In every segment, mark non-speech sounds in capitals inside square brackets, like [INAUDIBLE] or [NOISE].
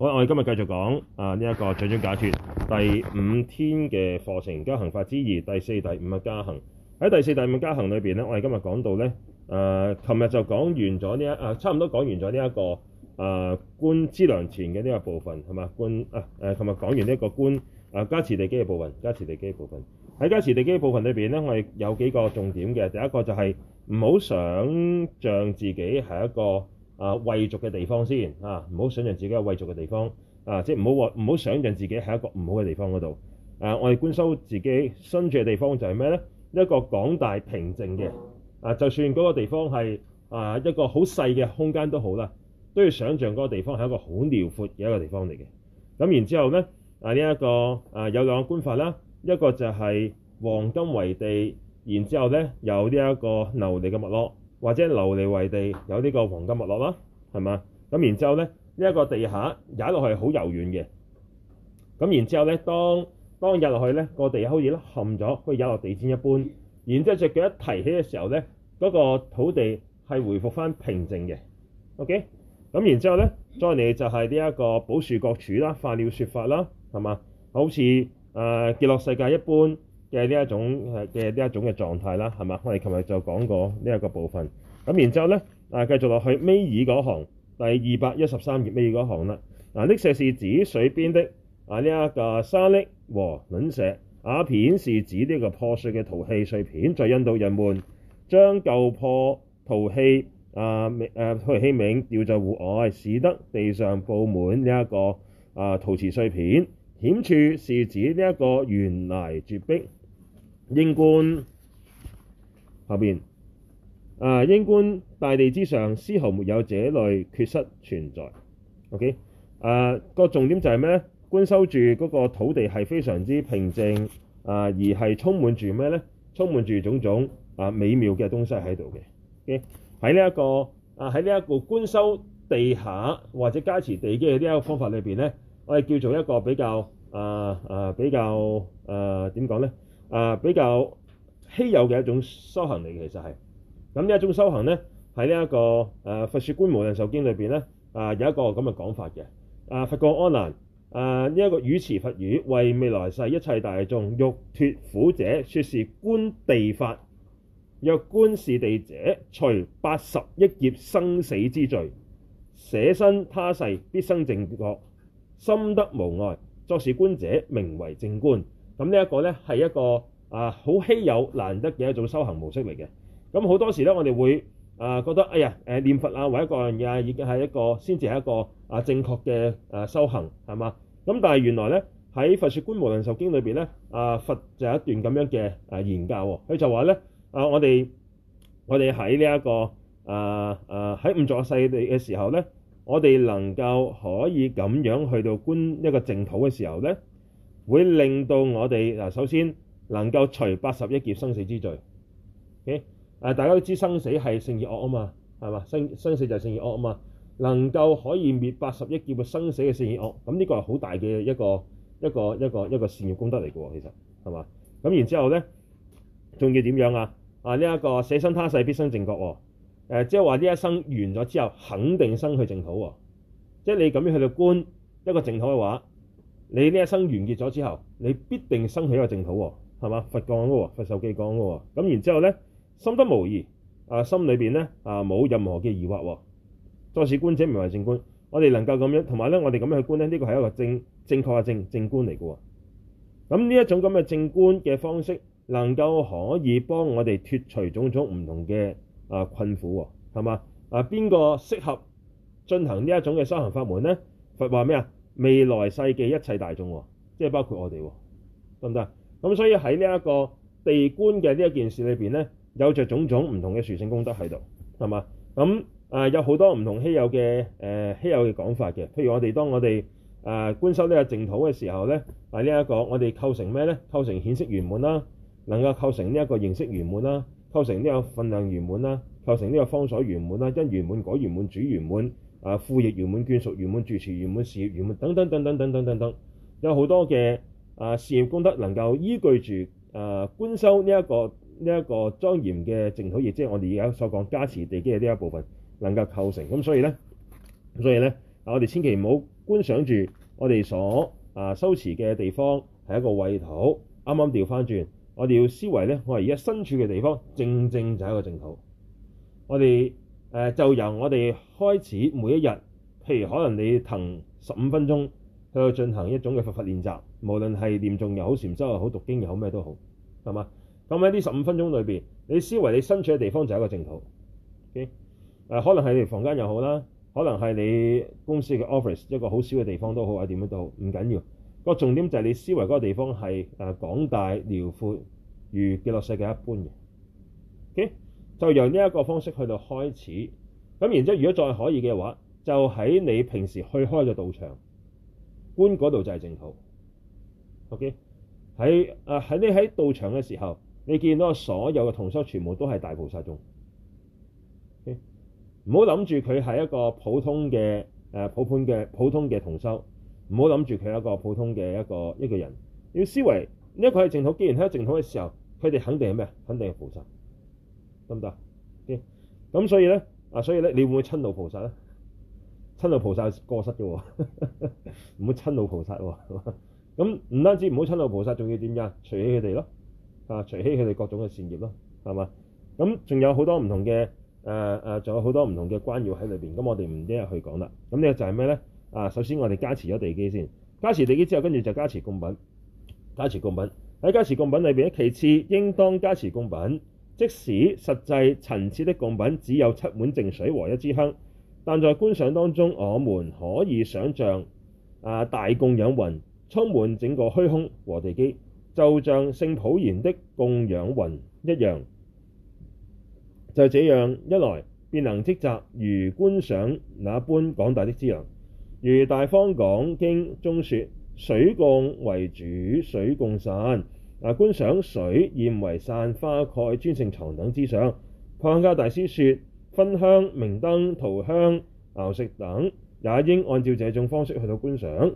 好，我哋今日繼續講啊呢一、這個最終解決第五天嘅課程，加行法之二第四、第五嘅加行。喺第四、第五加行裏邊咧，我哋今日講到咧，誒、呃，琴日就講完咗呢一，誒、啊，差唔多講完咗呢一個誒觀資糧田嘅呢個部分，係嘛？觀啊誒，琴日講完呢一個觀誒、啊、加持地基嘅部分，加持地基嘅部分。喺加持地基嘅部分裏邊咧，我哋有幾個重點嘅，第一個就係唔好想像自己係一個。啊，畏族嘅地方先啊，唔好想象自己係畏族嘅地方啊，即係唔好話唔好想象自己係一個唔好嘅地方嗰度。誒、啊，我哋觀修自己身處嘅地方就係咩呢？一個廣大平靜嘅啊，就算嗰個地方係啊一個好細嘅空間都好啦，都要想象嗰個地方係一個好遼闊嘅一個地方嚟嘅。咁然之後呢，啊呢一、這個啊有兩種觀法啦，一個就係黃金為地，然之後呢，有呢一個琉璃嘅物咯。或者琉璃為地，有呢個黃金脈絡啦，係嘛？咁然之後咧，呢、這、一個地下踩落去好柔軟嘅，咁然之後咧，當當入落去咧，個地可以凹咗，好似踩落地氈一般。然之後隻腳一提起嘅時候咧，嗰、那個土地係回復翻平靜嘅。OK，咁然之後咧，再嚟就係呢一個寶樹各柱啦、化鳥説法啦，係嘛？好似誒極樂世界一般。嘅呢一種嘅呢一種嘅狀態啦，係嘛？我哋琴日就講過呢一個部分。咁然之後咧，啊繼續落去尾二嗰行，第二百一十三頁尾二嗰行啦。嗱，礫石是指水邊的啊呢一個沙礫和卵石；瓦片是指呢個破碎嘅陶器碎片，在印度，人們將舊破陶器啊誒、啊、陶器皿掉在戶外，使得地上布滿呢一個啊陶瓷碎片。險處是指呢一個懸崖絕壁。應觀下邊啊，應觀大地之上絲毫沒有這類缺失存在。OK，啊、這個重點就係咩咧？觀修住嗰個土地係非常之平靜啊，而係充滿住咩咧？充滿住種種啊美妙嘅東西喺度嘅。OK，喺呢一個啊喺呢一個觀修地下或者加持地基嘅呢一個方法裏邊咧，我哋叫做一個比較啊啊比較啊點講咧？啊，比較稀有嘅一種修行嚟，其實係咁呢一種修行呢，喺呢一個誒、啊《佛說觀無量壽經》裏邊呢，啊有一個咁嘅講法嘅。啊，佛告阿難：啊呢一、這個語詞佛語，為未來世一切大眾欲脫苦者，說是觀地法。若觀是地者，除八十億劫生死之罪，捨身他世必生淨國，心得無礙。作是觀者，名為正觀。咁呢一個咧係一個啊好稀有難得嘅一種修行模式嚟嘅。咁好多時咧，我哋會啊覺得哎呀誒念佛啊或者嗰樣嘢啊已經係一個先至係一個啊正確嘅誒修行係嘛？咁但係原來咧喺《佛說觀無量壽經》裏邊咧，啊佛就有一段咁樣嘅誒言教喎。佢就話咧啊，我哋我哋喺呢一個啊啊喺五座世地嘅時候咧，我哋能夠可以咁樣去到觀一個淨土嘅時候咧。會令到我哋嗱，首先能夠除八十億劫生死之罪。誒、okay？大家都知生死係性業惡啊嘛，係嘛？生生死就係性業惡啊嘛，能夠可以滅八十億劫嘅生死嘅性業惡，咁、嗯、呢、這個係好大嘅一個一個一個一個，一個善業功德嚟嘅喎，其實係嘛？咁然之後咧，仲要點樣啊？啊，呢、這、一個捨身他世必生正覺、哦。誒、呃，即係話呢一生完咗之後，肯定生去淨土、哦。即係你咁樣去到觀，一個淨土嘅話。你呢一生完結咗之後，你必定生起一個淨土喎、哦，係嘛？佛講喎、哦，佛授記講喎、哦。咁然之後呢，心得無疑，啊，心裏邊呢，啊，冇任何嘅疑惑喎、哦。作是觀者，名為正觀。我哋能夠咁樣，同埋呢，我哋咁樣去觀呢，呢個係一個正正確嘅正正觀嚟嘅喎。咁呢一種咁嘅正觀嘅方式，能夠可以幫我哋脫除種種唔同嘅啊困苦，係嘛？啊，邊個適合進行呢一種嘅修行法門呢？佛話咩啊？未來世嘅一切大眾，即係包括我哋，得唔得？咁所以喺呢一個地觀嘅呢一件事裏邊呢，有着種種唔同嘅殊勝功德喺度，係嘛？咁誒、呃、有好多唔同稀有嘅誒、呃、稀有嘅講法嘅，譬如我哋當我哋誒、呃、觀修呢個淨土嘅時候呢，喺呢一個我哋構成咩呢？構成顯色圓滿啦，能夠構成呢一個形色圓滿啦，構成呢個分量圓滿啦，構成呢個方所圓滿啦，因圓滿，果圓滿，主圓滿。啊，副業圓滿眷屬，圓滿住持，圓滿事業，圓滿等等等等,等等等等等等等等，有好多嘅啊事業功德能夠依據住啊觀修呢、呢、一個呢一、呢個莊嚴嘅淨土，亦即係我哋而家所講加持地基嘅呢一部分，能夠構成。咁所以咧，所以咧，啊我哋千祈唔好觀想住我哋所啊修持嘅地方係一個穢土，啱啱調返轉，我哋要思維咧，我而家身處嘅地方正,正正就係一個淨土，我哋。誒、呃、就由我哋開始每一日，譬如可能你騰十五分鐘去進行一種嘅佛法練習，無論係念誦又好、禪修又好、讀經又好咩都好，係嘛？咁喺呢十五分鐘裏邊，你思維你身處嘅地方就係一個淨土。誒、okay? 呃，可能係你房間又好啦，可能係你公司嘅 office 一個好小嘅地方都好，或者點樣都好，唔緊要。個重點就係你思維嗰個地方係誒廣大遼闊，如極樂世界一般嘅。Okay? 就由呢一個方式去到開始，咁然之後，如果再可以嘅話，就喺你平時去開嘅道場觀嗰度就係淨土。OK，喺啊喺你喺道場嘅時候，你見到所有嘅同修全部都係大菩薩眾。唔好諗住佢係一個普通嘅誒普遍嘅普通嘅同修，唔好諗住佢係一個普通嘅一個一個人。要思維呢一個係淨土，既然係淨土嘅時候，佢哋肯定係咩啊？肯定係菩薩。得唔得？咁、okay. 所以咧啊，所以咧，你會唔會瞋怒菩薩咧？瞋怒菩薩過失嘅喎，啊，唔會瞋怒菩薩喎，啊。咁唔單止唔好瞋怒菩薩，仲要點㗎？除棄佢哋咯，啊，除棄佢哋各種嘅善業咯，係嘛？咁仲有好多唔同嘅誒誒、仲、呃啊、有好多唔同嘅關要喺裏邊。咁我哋唔一日去講啦。咁呢個就係咩咧？啊，首先我哋加持咗地基先，加持地基之後，跟住就加持供品，加持供品，喺加持供品裏邊咧，其次應當加持供品。即使實際陳設的供品只有七碗淨水和一枝香，但在觀想當中，我們可以想像啊大供養雲充滿整個虛空和地基，就像聖普賢的供養雲一樣。就這樣一來，便能積集如觀想那般廣大的資糧。如大方廣經中說：水供為主，水供傘。嗱、啊，觀賞水以唔為散花蓋、專聖床等之上。龐迦大師說：焚香、明燈、塗香、熬食等，也應按照這種方式去到觀賞。誒、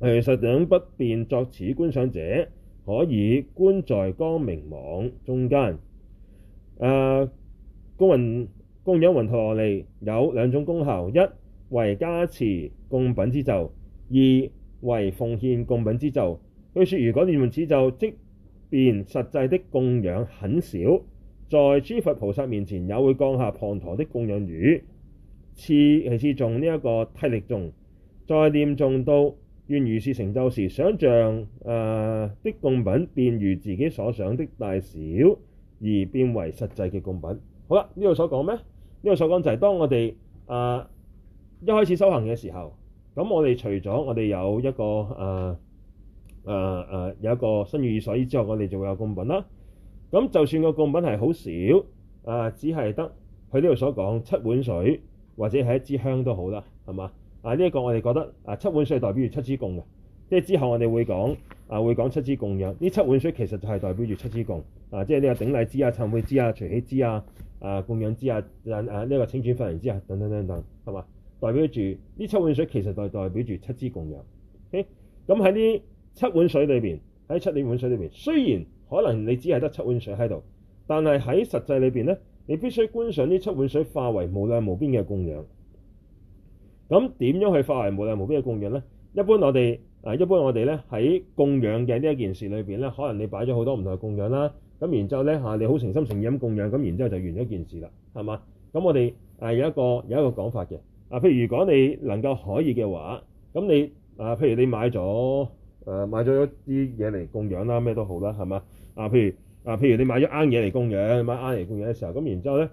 呃，實樣不便作此觀賞者，可以觀在光明網中間。誒、呃，供雲、供飲雲陀羅尼有兩種功效：一為加持供品之咒，二為奉獻供品之咒。據說如果唸誦此咒，即便實際的供養很少，在諸佛菩薩面前也會降下滂沱的供養雨。似其次誦呢一個諦力頌，再念誦到願如是成就時，想象、誒、呃、的供品便如自己所想的大小而變為實際嘅供品。好啦，呢度所講咩？呢度所講就係、是、當我哋啊、呃、一開始修行嘅時候，咁我哋除咗我哋有一個誒。呃誒誒、呃呃、有一個身語意所依之後，我哋就會有供品啦。咁就算個供品係好少啊、呃，只係得佢呢度所講七碗水或者係一支香都好啦，係嘛？啊呢一、這個我哋覺得啊、呃、七碗水代表住七支供嘅，即係之後我哋會講啊、呃、會講七支供養。呢七碗水其實就係代表住七支供、呃、啊，即係呢個頂禮支啊、懺悔支啊、隨喜支啊、啊供養支啊、啊、這、呢個請轉法輪支啊等等等等，係嘛？代表住呢七碗水其實代代表住七支供養。咁喺呢。七碗水裏邊喺七點碗水裏邊，雖然可能你只係得七碗水喺度，但係喺實際裏邊呢，你必須觀想呢七碗水化為無量無邊嘅供養。咁點樣去化為無量無邊嘅供養呢？一般我哋啊，一般我哋咧喺供養嘅呢一件事裏邊咧，可能你擺咗好多唔同嘅供養啦，咁然之後呢，嚇你好誠心誠意咁供養，咁然之後就完咗件事啦，係嘛？咁我哋誒有一個有一個講法嘅啊，譬如如果你能夠可以嘅話，咁你啊，譬如你買咗。誒買咗一啲嘢嚟供養啦，咩都好啦，係嘛？啊、嗯，譬如啊，譬如你買咗啱嘢嚟供養，買啱嘢供養嘅時候，咁然之後咧，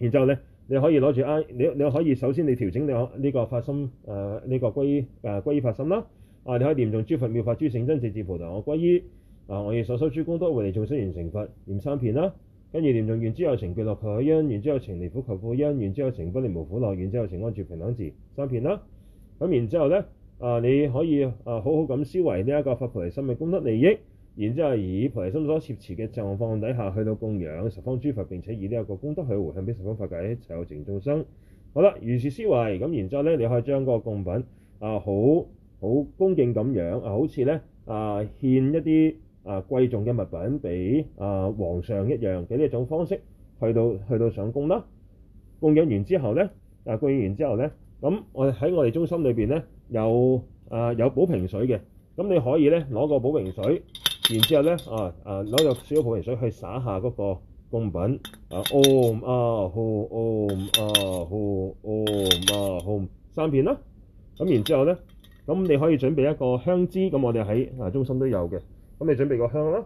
然之後咧，你可以攞住啱，你你可以首先你調整你呢、這個發、這個、心誒，呢、呃這個歸誒、呃、歸依發心啦。啊，你可以念誦諸佛妙法諸聖真直至菩提我歸依。啊，我亦所修諸功德回嚟眾生完成佛，念三遍啦。跟住念用完之後成不落求喜因，完之後成離苦求富因，完之後成不離無苦樂，完之後成安住平等字。三遍啦。咁然之後咧。啊！你可以啊，好好咁思維呢一個法菩提心嘅功德利益，然之後以菩提心所攝持嘅狀況底下去到供養十方諸佛，並且以呢一個功德去回向俾十方法界一切有情眾生。好啦，如是思維咁，然之後咧，你可以將個供品啊，好好恭敬咁樣啊，好似咧啊，獻一啲啊貴重嘅物品俾啊皇上一樣嘅呢一種方式去到去到上供啦。供養完之後咧，啊供養完之後咧，咁、啊、我哋喺我哋中心裏邊咧，有啊，有寶瓶水嘅，咁你可以咧攞個寶瓶水，然之後咧啊啊攞入少少寶瓶水去灑下嗰個供品啊 h 啊 h 啊 h 啊 h 三片啦。咁然之後咧，咁你可以準備一個香枝，咁我哋喺啊中心都有嘅。咁你準備個香啦。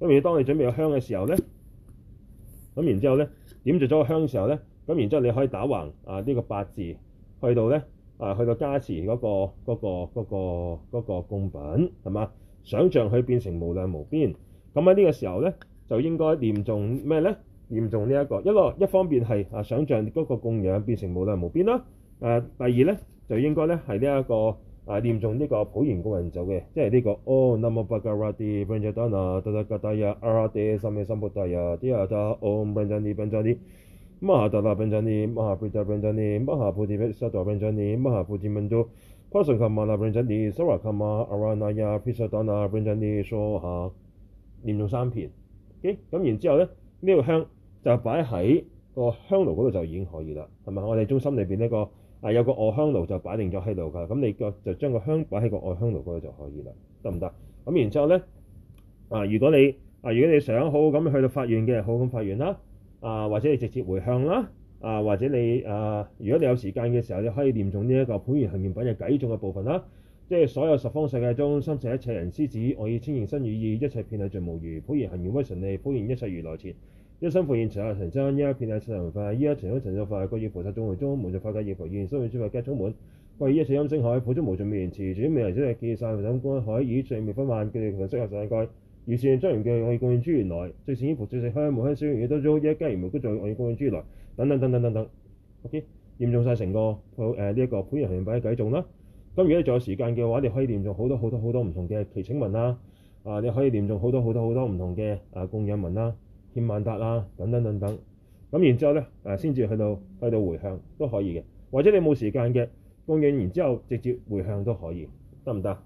咁你當你準備個香嘅時候咧，咁然之後咧點着咗個香嘅時候咧，咁然之後你可以打橫啊呢、這個八字去到咧。啊，佢個加持嗰個嗰個嗰個嗰個供品係嘛？想像佢變成無量無邊，咁喺呢個時候咧，就應該念重咩咧？念重呢一個，一個一方面係啊，想像嗰個供養變成無量無邊啦。誒，第二咧，就應該咧係呢一個啊，念重呢個普賢供人咒嘅，即係呢個哦，南無巴嘎拉啲嘛，大喇辯真尼，嘛菩提辯真尼，嘛菩提薩埵辯真尼，嘛菩提曼多，帕神卡嘛喇辯真尼，娑婆卡嘛，啊念咗三遍。咁然之後咧，呢個香就擺喺個香爐嗰度就已經可以啦，係咪？我哋中心裏邊呢個啊有個愛香爐就擺定咗喺度㗎，咁你就將個香擺喺個愛香爐嗰度就可以啦，得唔得？咁然之後咧啊，如果你啊如果你想好好咁去到法院嘅，好咁法院啦。啊，或者你直接回向啦，啊，或者你啊，如果你有時間嘅時候，你可以念誦呢一個《普賢行願品》嘅偈頌嘅部分啦。即係所有十方世界中，三世一切人師子，我以清淨身語意，一切遍禮盡無餘。普賢行願威神力，普賢一切如來前，一心復現隨阿神真，一切遍禮塵無快，一切塵都塵作快，各以菩薩眾會中，無盡法界現佛現，所有諸法皆充滿，為一切音聲海，普種無盡美，言辭，諸未來者見散佛等觀，海以最妙法曼，見同生佛上上界。預算莊園嘅外遇供養豬源來，最善衣服最善香無香書，亦都租一間無辜做外遇供養源來，等等等等等等。O.K. 應重曬成個誒呢一個潘仁品牌嘅計重啦。咁如果咧仲有時間嘅話，你可以念重好多好多好多唔同嘅祈請文啦。啊，你可以念重好多好多好多唔同嘅啊供養文啦，獻曼達啦，等等等等。咁、嗯、然之後咧，誒先至去到去到回向都可以嘅，或者你冇時間嘅供養，然之後直接回向都可以，得唔得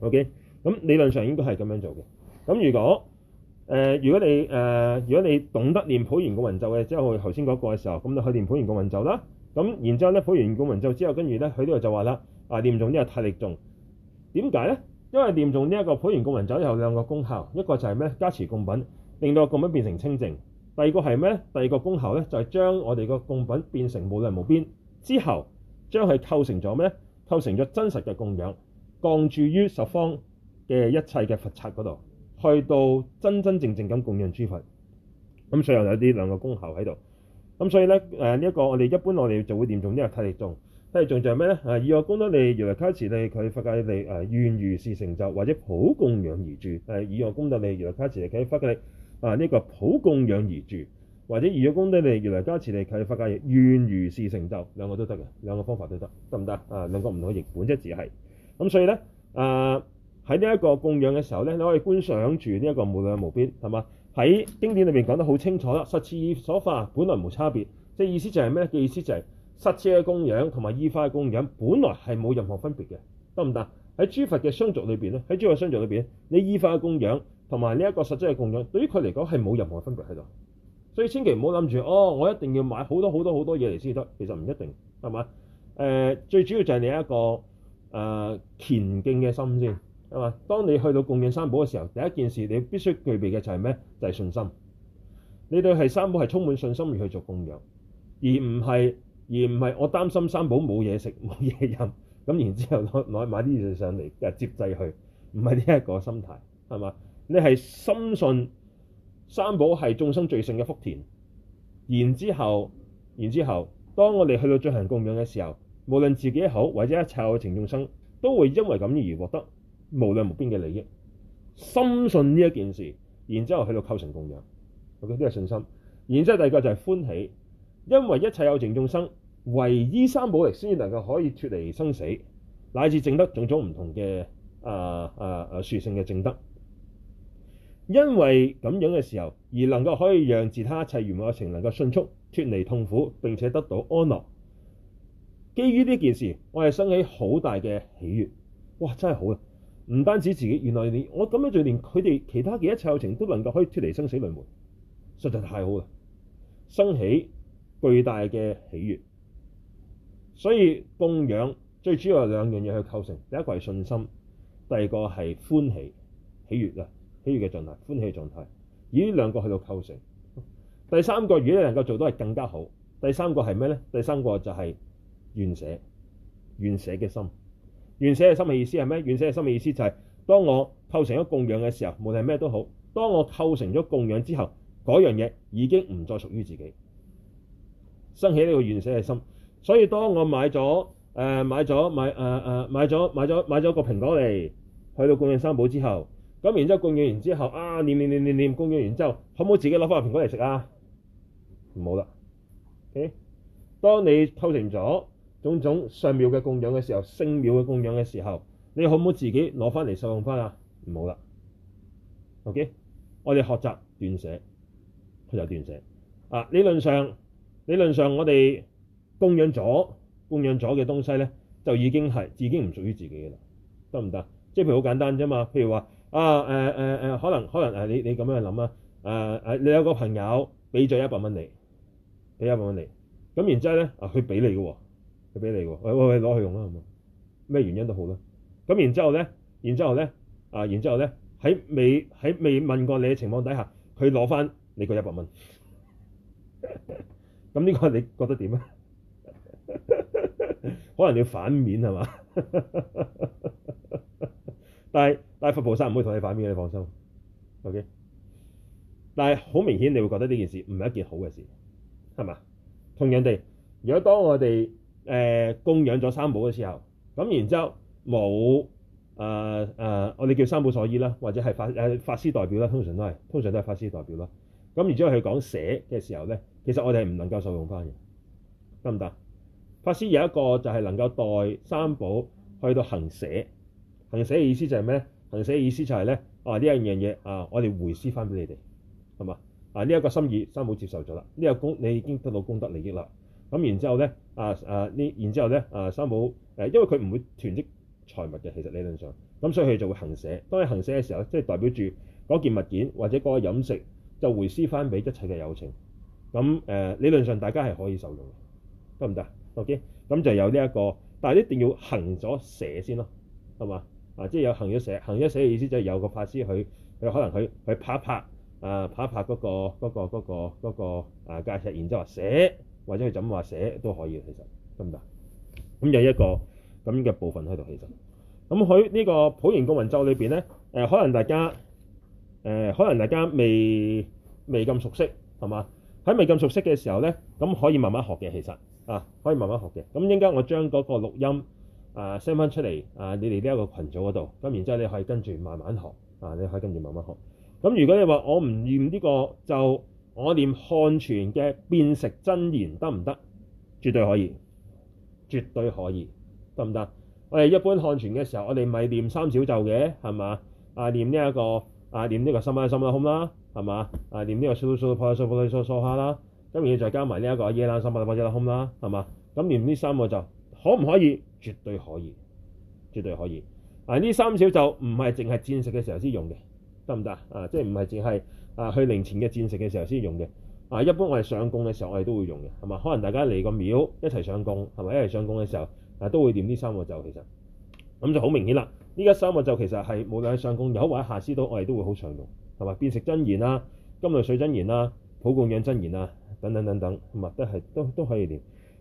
？O.K. 咁、嗯、理論上應該係咁樣做嘅。咁如果誒、呃，如果你誒、呃，如果你懂得念普賢供雲咒嘅，即係我頭先講過嘅時候，咁就去念普賢供雲咒啦。咁然之後咧，普賢供雲咒之後，跟住咧佢呢度就話啦：啊，念誦呢啊，諦力頌點解咧？因為念誦呢一個普賢供雲咒有兩個功效，一個就係咩加持供品，令到個供品變成清淨；第二個係咩？第二個功效咧就係、是、將我哋個供品變成無量無邊，之後將佢構成咗咩？構成咗真實嘅供養，降注於十方嘅一切嘅佛剎嗰度。去到真真正正咁供養諸佛，咁所以有啲兩個功效喺度，咁所以咧誒呢一、呃這個我哋一般我哋就會念重啲係諦力頌，諦力頌就係咩咧？誒、啊、以我功德力，如來加持力，佢法界力誒願如是成就，或者普供養而住，誒以我功德力，如來加持力，佢法界力，啊、這、呢個普供養而住，或者以我功德力，如來加持力，佢法界願如是成就，兩個都得嘅，兩個方法都得,得，得唔得啊？兩個唔同嘅譯本啫，只係，咁、啊、所以咧誒。呃喺呢一個供養嘅時候咧，你可以觀想住呢一個無量無邊，係嘛？喺經典裏面講得好清楚啦。實質所化，本來無差別，即係意思就係咩咧？嘅意思就係實質嘅供養同埋意化嘅供養，本來係冇任何分別嘅，得唔得？喺諸佛嘅雙足裏邊咧，喺諸佛嘅雙足裏邊，你意化嘅供養同埋呢一個實質嘅供養，對於佢嚟講係冇任何分別喺度。所以千祈唔好諗住，哦，我一定要買好多好多好多嘢嚟先得，其實唔一定，係嘛？誒、呃，最主要就係你一個誒虔敬嘅心先。係嘛？當你去到供養三寶嘅時候，第一件事你必須具備嘅就係咩？就係信心。你對係三寶係充滿信心而去做供養，而唔係而唔係我擔心三寶冇嘢食、冇嘢飲咁，然之後攞攞買啲嘢上嚟接濟佢，唔係呢一個心態，係嘛？你係深信三寶係眾生最勝嘅福田。然之後，然之後，當我哋去到進行供養嘅時候，無論自己好或者一切嘅情眾生，都會因為咁而獲得無量無邊嘅利益，深信呢一件事，然之後喺度構成供養，OK 呢個信心。然之後第二個就係歡喜，因為一切有情眾生唯依三寶力，先至能夠可以脫離生死，乃至證得種種唔同嘅啊啊啊殊勝嘅證德。因為咁樣嘅時候，而能夠可以讓自他一切願望情能夠迅速脫離痛苦，並且得到安樂。基於呢件事，我係生起好大嘅喜悅。哇！真係好啊！唔單止自己，原來你我咁樣就連佢哋其他嘅一切有情都能夠可以脱離生死輪迴，實在太好啦！生起巨大嘅喜悦，所以供養最主要係兩樣嘢去構成，第一個係信心，第二個係歡喜、喜、喜悦啊，喜悦嘅狀態、歡喜嘅狀態，以呢兩個去到構成。第三個如果你能夠做到係更加好，第三個係咩咧？第三個就係願捨、願捨嘅心。願捨嘅心嘅意思係咩？願捨嘅心嘅意思就係當我構成咗供養嘅時候，無論係咩都好。當我構成咗供養之後，嗰樣嘢已經唔再屬於自己，生起呢個願捨嘅心。所以當我買咗誒、呃、買咗買誒誒、呃、買咗買咗買咗個蘋果嚟，去到供養三寶之後，咁然之後供養完之後啊，念念念念念供養完之後，可唔可以自己攞翻個蘋果嚟食啊？冇啦。Okay? 當你構成咗，種種上妙嘅供養嘅時候，勝妙嘅供養嘅時候，你可唔可以自己攞翻嚟受用翻啊？唔好啦。OK，我哋學習斷捨，佢就斷捨啊。理論上，理論上，我哋供養咗供養咗嘅東西咧，就已經係自己唔屬於自己嘅啦，得唔得？即係譬如好簡單啫嘛。譬如話啊，誒誒誒，可能可能誒、啊，你你咁樣諗啊，誒、啊、誒，你有個朋友俾咗一百蚊你，俾一百蚊你咁、啊，然之後咧啊，佢俾你嘅喎。佢俾你喎，喂喂喂，攞去用啦，係嘛？咩原因都好啦。咁然之後咧，然之後咧，啊，然之後咧，喺未喺未問過你嘅情況底下，佢攞翻你個一百蚊。咁 [LAUGHS] 呢個你覺得點啊？ [LAUGHS] 可能你要反面係嘛？ [LAUGHS] 但係但係，佛菩薩唔會同你反面嘅，你放心。O K。但係好明顯，你會覺得呢件事唔係一件好嘅事，係嘛？同樣地，如果當我哋誒供養咗三寶嘅時候，咁然之後冇誒誒，我哋叫三寶所依啦，或者係法誒、呃、法師代表啦，通常都係通常都係法師代表啦。咁然之後佢講寫嘅時候咧，其實我哋係唔能夠受用翻嘅，得唔得？法師有一個就係能夠代三寶去到行寫，行寫嘅意思就係咩咧？行寫嘅意思就係、係、咧，啊呢一樣嘢啊，我哋回施翻俾你哋係嘛，啊呢一、呢個心意，三寶接受咗啦，呢、呢個功你已經得到功德利益啦。咁然之後咧，啊啊呢，然之後咧，啊三寶誒，因為佢唔會囤積財物嘅，其實理論上，咁、嗯、所以佢就會行捨。當你行捨嘅時候即係、就是、代表住嗰件物件或者嗰個飲食就回施翻俾一切嘅有情。咁、嗯、誒、啊、理論上大家係可以受用，得唔得？OK，咁、嗯、就有呢、這、一個，但係一定要行咗捨先咯，係嘛？啊，即係有行咗捨，行咗捨嘅意思就係有個法師去，佢可能去佢拍一拍啊拍一拍嗰、那個嗰、那個嗰、那個嗰、那個啊界尺，然之後話捨。啊啊啊啊啊啊或者佢怎咁話寫都可以，其實得唔得？咁有一個咁嘅部分喺度，其實咁佢呢個普賢供雲咒裏邊咧，誒、呃、可能大家誒、呃、可能大家未未咁熟悉，係嘛？喺未咁熟悉嘅時候咧，咁可以慢慢學嘅，其實啊可以慢慢學嘅。咁應該我將嗰個錄音啊 send 翻出嚟啊，你哋呢一個群組嗰度，咁然之後你可以跟住慢慢學啊，你可以跟住慢慢學。咁、啊、如果你話我唔驗呢個就。我念漢傳嘅變食真言得唔得？絕對可以，絕對可以，得唔得？我哋一般漢傳嘅時候，我哋咪念三小咒嘅，係嘛？啊，念呢一個啊，念呢個心不心不空啦，係嘛？啊，念呢個蘇蘇蘇破啦蘇破啦蘇蘇下啦，咁然後再加埋呢一個耶啦心不不耶啦空啦，係嘛？咁念呢三個就可唔可以？絕對可以，絕對可以。啊，呢三小咒唔係淨係變食嘅時候先用嘅，得唔得？啊，即係唔係淨係。啊，去靈前嘅戰食嘅時候先用嘅。啊，一般我係上供嘅時候，我哋都會用嘅，係嘛？可能大家嚟個廟一齊上供，係咪？一齊上供嘅時候，啊，都會念呢三個咒，其實咁、嗯、就好明顯啦。呢家三個咒，其實係無論喺上供有或者下施，到我哋都會好常用，係咪？變食真言啦、啊、甘露水真言啦、啊、普供養真言啊等等等等，係咪？都係都都可以念。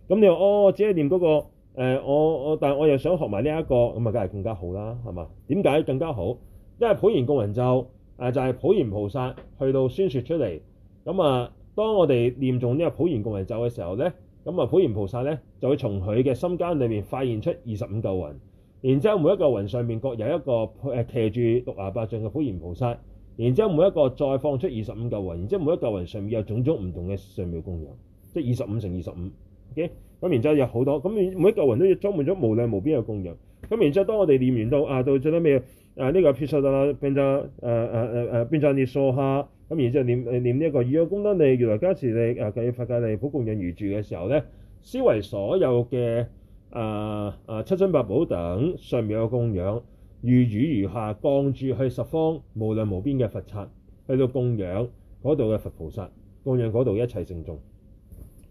咁你話哦，只係念嗰個、呃、我我但係我又想學埋呢一個，咁啊梗係更加好啦，係嘛？點解更加好？因為普賢供雲咒。誒、啊、就係、是、普賢菩薩去到宣説出嚟。咁啊，當我哋念誦呢個普賢共為咒嘅時候咧，咁啊普賢菩薩咧就會從佢嘅心間裏面發現出二十五嚿雲，然之後每一嚿雲上面各有一個誒騎住六牙白象嘅普賢菩薩，然之後每一個再放出二十五嚿雲，然之後每一嚿雲上面有種種唔同嘅上妙供養，即係二十五乘二十五 o、okay? 咁然之後有好多，咁每一嚿雲都要裝滿咗無量無邊嘅供養，咁然之後當我哋念完到啊到最屘。啊！呢個撇曬啦，變咗誒誒誒誒變咗你掃下，咁然之後念念呢一個以我功德力、如來加持力，誒計法界力普供養如住嘅時候咧，思維所有嘅誒誒七珍八寶等上面有供養，如雨如下降住去十方無量無邊嘅佛塔，去到供養嗰度嘅佛菩薩，供養嗰度一切聖眾。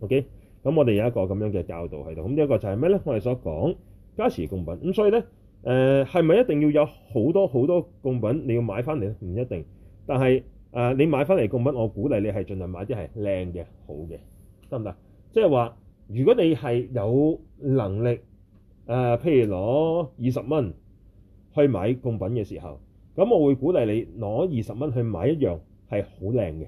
O.K. 咁我哋有一個咁樣嘅教導喺度。咁一個就係咩咧？我哋所講加持供品，咁所以咧。誒係咪一定要有好多好多供品你要買翻嚟咧？唔一定，但係誒、呃、你買翻嚟供品，我鼓勵你係盡量買啲係靚嘅好嘅，得唔得？即係話如果你係有能力誒、呃，譬如攞二十蚊去買供品嘅時候，咁我會鼓勵你攞二十蚊去買一樣係好靚嘅，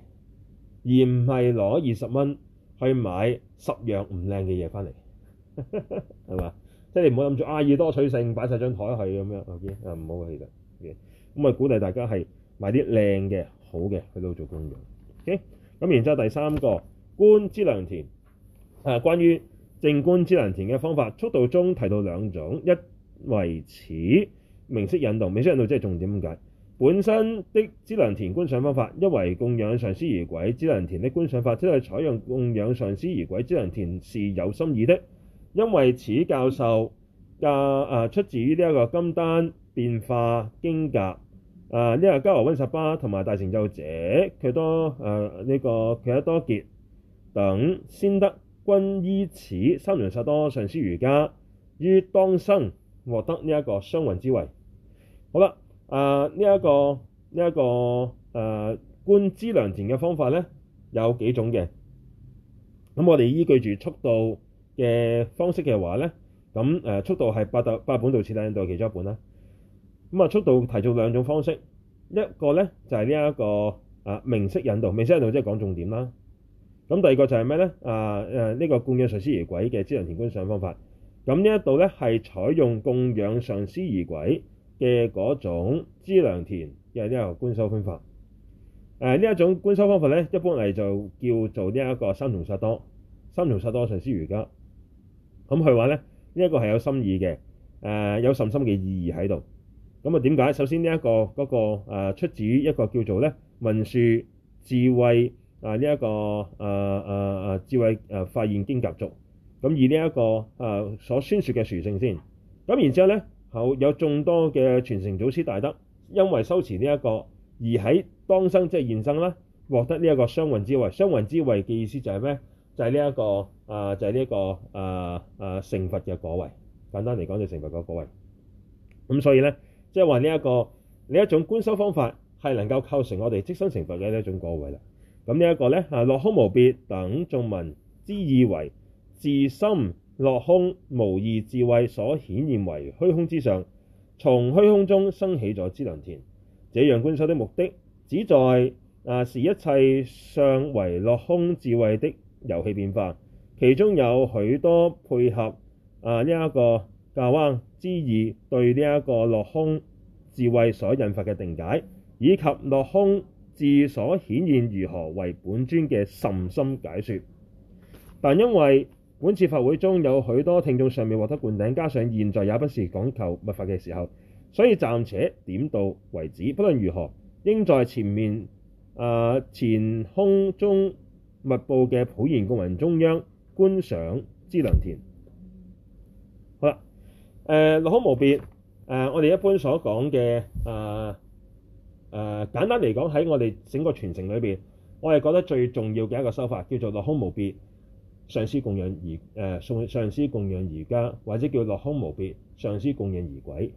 而唔係攞二十蚊去買十樣唔靚嘅嘢翻嚟，係 [LAUGHS] 嘛？即係你唔好諗住阿以多取勝，擺晒張台係咁樣，OK？啊，唔好嘅、啊，其實嘅，咁咪鼓勵大家係買啲靚嘅、好嘅去度做供養，OK？咁然之後第三個觀資糧田，係、啊、關於正觀資糧田嘅方法，速道中提到兩種，一為此明晰引導，明晰引導即係重點咁解。本身的資糧田觀想方法一為供養上師儀軌，資糧田的觀想法即係採用供養上師儀軌資糧田是有深義的。因為此教授嘅誒、啊啊、出自於呢一個甘丹變化經函，誒呢個嘉瓦溫薩巴同埋大成就者，卻吉誒呢、啊這個卻吉、啊這個啊、多傑等先德均依此三重薩綞上師瑜伽於當生獲得呢一個雙運之位。好啦，誒呢一個呢一、這個誒觀資糧田嘅方法咧有幾種嘅，咁我哋依據住速道。嘅方式嘅話咧，咁誒速道係八道八本道次第引導其中一本啦。咁啊速道提到兩種方式，一個咧就係呢一個啊明晰引導，明晰引導即係講重點啦。咁第二個就係咩咧？啊誒呢個供養上師儀軌嘅資糧田觀修方法。咁呢一度咧係採用供養上師儀軌嘅嗰種資糧田嘅呢個觀修方法。誒呢一種觀修方法咧，一般嚟就叫做呢一個三重薩埵，三重薩埵上師瑜伽。咁佢話咧，呢一、這個係有心意嘅，誒、呃、有甚深嘅意義喺度。咁啊點解？首先呢、這、一個嗰、這個、呃、出自於一個叫做咧文殊智慧啊呢一個誒誒誒智慧誒發、呃、現經夾續。咁以呢、這、一個誒、呃、所宣説嘅殊勝先。咁然之後咧，後有眾多嘅傳承祖師大德，因為修持呢、這、一個而喺當生即係現生啦，獲得呢一個雙運之位。雙運之位嘅意思就係咩？就係呢一個。啊，就係呢一個啊啊，成佛嘅果位，簡單嚟講就成佛嘅果位。咁所以呢，即係話呢一個呢一種觀修方法係能夠構成我哋即身成佛嘅呢一種果位啦。咁呢一個呢，啊，樂空無別等頌文之意為自心樂空無二智慧所顯現為虛空之上，從虛空中生起咗資糧田。這樣觀修的目的旨在啊，視一切相為樂空智慧的遊戲變化。其中有許多配合啊呢一個唉旺之義，對呢一個樂空智慧所引發嘅定解，以及樂空智所顯現如何為本尊嘅甚深，深解説。但因為本次法會中有許多聽眾尚未獲得灌頂，加上現在也不是講求密法嘅時候，所以暫且點到為止。不論如何，應在前面啊、呃、前空中密佈嘅普賢供雲中央。觀想資糧田好啦。誒樂空無別誒、呃，我哋一般所講嘅誒誒，簡單嚟講，喺我哋整個傳承裏邊，我哋覺得最重要嘅一個修法叫做樂空無別上師供養儀，誒，上師供養儀軌或者叫樂空無別上師供養儀軌。